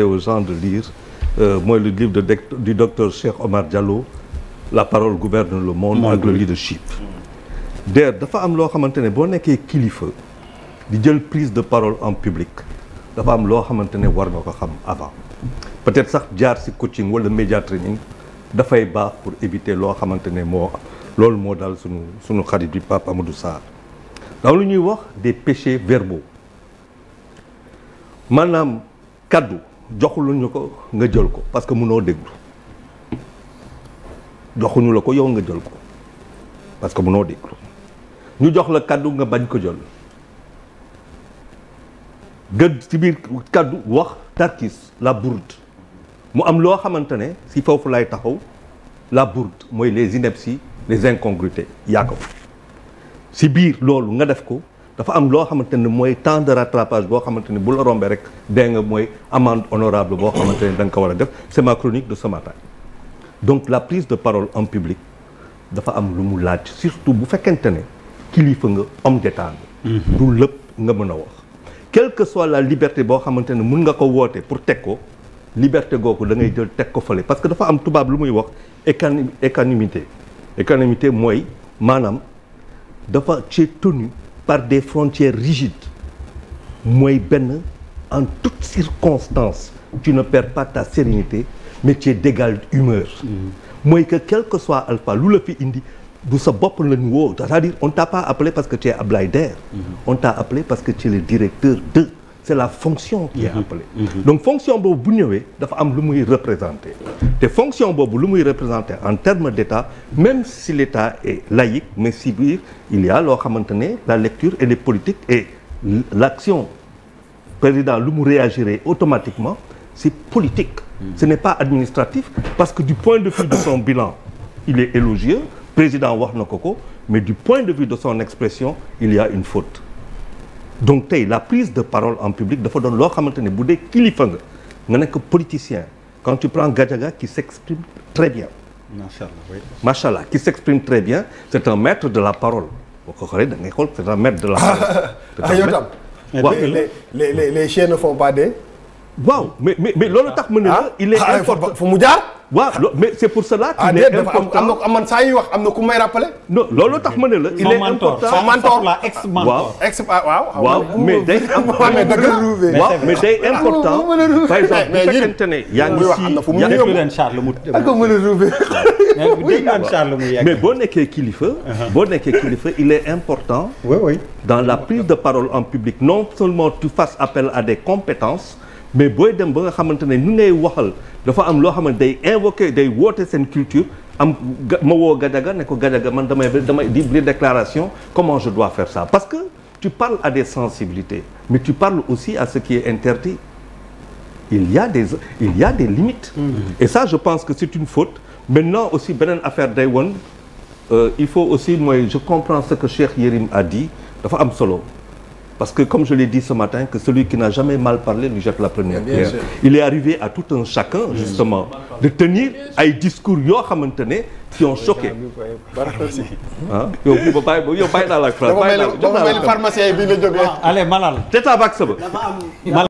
insister aux de lire euh, mooy le livre de du docteur Cheikh Omar Diallo la parole gouverne le monde ak le leadership dafa am loo xamante ne boo nekkee kilifa di jël prise de parole en public dafa am loo xamante ne war nga ko xam avant peut-être sax jaar ci coaching wala média training dafay baax pour éviter loo xamante ne moo loolu moo daal suñu suñu xarit bi Pape du Sarr daaw lu ñuy wax des péchés verbaux maanaam kaddu joxuluñu ko nga jël ko parce que mënoo déglu joxuñu la ko yow nga jël ko parce que mënoo déglu ñu jox la kàddu nga bañ ko jël gën ci biir kàddu wax tarkis la bourde mu am loo xamante ne si foofu lay taxaw la bourde mooy les inepties les incongruités yaa ko si biir loolu nga def ko dafa am loo xamante ne mooy temps de rattrapage boo xamante ne bu la rombee rek dee nga mooy amende honorable boo xamante ne da nga ko war a def c'est ma chronique de ce donc la prise de parole en public dafa am lu mu laaj surtout bu fekkente ne kilifa nga homme d'état nga mhm. du lépp nga mën a wax quelle que soit la liberté boo xamante ne mun nga ko woote pour teg ko liberté googu da ngay jël teg ko fële parce que dafa am tubaab lu muy wax équanimité équanimité mooy maanaam dafa ci tenu par des frontières rigides mooy benn en toutes circonstances tu ne perds pas ta sérénité mais tu es d'égale humeur mm-hmm. mooy que quel que soit alpha lu la indi bu sa bopp lañu woo c'est-à-dire on t'a pas appelé parce que tu es Ablaye Der mm-hmm. on t'a appelé parce que tu es le directeur de c'est la fonction qui est mhm. appelée mhm. boobu bu ñëwee dafa am lu muy représenter te fonction boobu lu muy représenter en termes d'état même si l'état est laïque mais si biir il y a loo xamante ne la lecture et les politiques et l'action président lu mu réagirait automatiquement c'est politique mhm. ce n'est pas administratif parce que du point de vue de son bilan il est élogieux président wax na ko ko mais du point de vue de son expression il y a une faute donc tey la prise de parole en public dafa doon loo xamante ne bu dee kilifa nga nga nekk politicien quand tu prends Gadiaga qui s'exprime très bien. macha allah oui. macha qui s'exprime très bien c'est un maître de la parole boo ko xoolee da ngay xool c'est un maître de la parole. Ah, les les les chiens ne font pas des. waaw mais mais mais loolu ah. tax mën na la ah. il est important fu mu jaar. waaw mais c'est pour cela qu'il ah, est important am na man saa yuy wax am na ku may rappelé. non loolu tax ma ne la. il est important son mentor ex mentor ah, ex ah, waaw waaw mais day important mais day important par exemple bu fekkente ne. yaa ngi si yaa ngi leen Charles mu. mais boo nekkee kilifa. Uh-huh. boo nekkee kilifa il est important. oui oui dans la prise de parole en public non seulement tu fasses appel à des compétences mais booy dem ba nga xamante ne ni ngay waxal. dafa am loo xamante day invoqué day woote seen culture am ma woo Gadaga ne ko Gadaga man damay damay di déclaration comment je dois faire ça parce que tu parles à des sensibilités mais tu parles aussi à ce qui est interdit il y a des il y a des limites mmh. et ça je pense que c'est une faute maintenant aussi beneen affaire day woon euh, il faut aussi mooy je comprends ce que Cheikh Yérim a dit dafa am solo Parce que comme je l'ai dit ce matin, que celui qui n'a jamais mal parlé lui jette la première pierre. Il est arrivé à tout un chacun, justement, de tenir ay discours yoo xamante ne qui ont choqué. ah yow bu ba bàyyi yow bàyyi naa la ak France bàyyi naa la jox naa la pharmacien bi la jógee. allez malal. te tabax sa